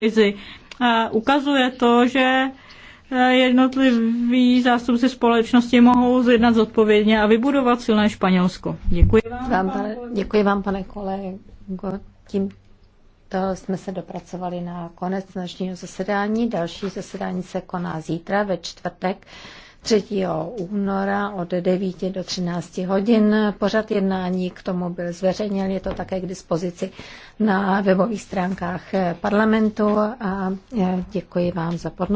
krizi. Ukazuje to, že e, jednotliví zástupci společnosti mohou zjednat zodpovědně a vybudovat silné Španělsko. Děkuji vám, vám pane, děkuji vám, pane kolego. Tím to jsme se dopracovali na konec dnešního zasedání. Další zasedání se koná zítra ve čtvrtek. 3. února od 9 do 13 hodin. Pořad jednání k tomu byl zveřejněn, je to také k dispozici na webových stránkách parlamentu a eh, děkuji vám za podnost.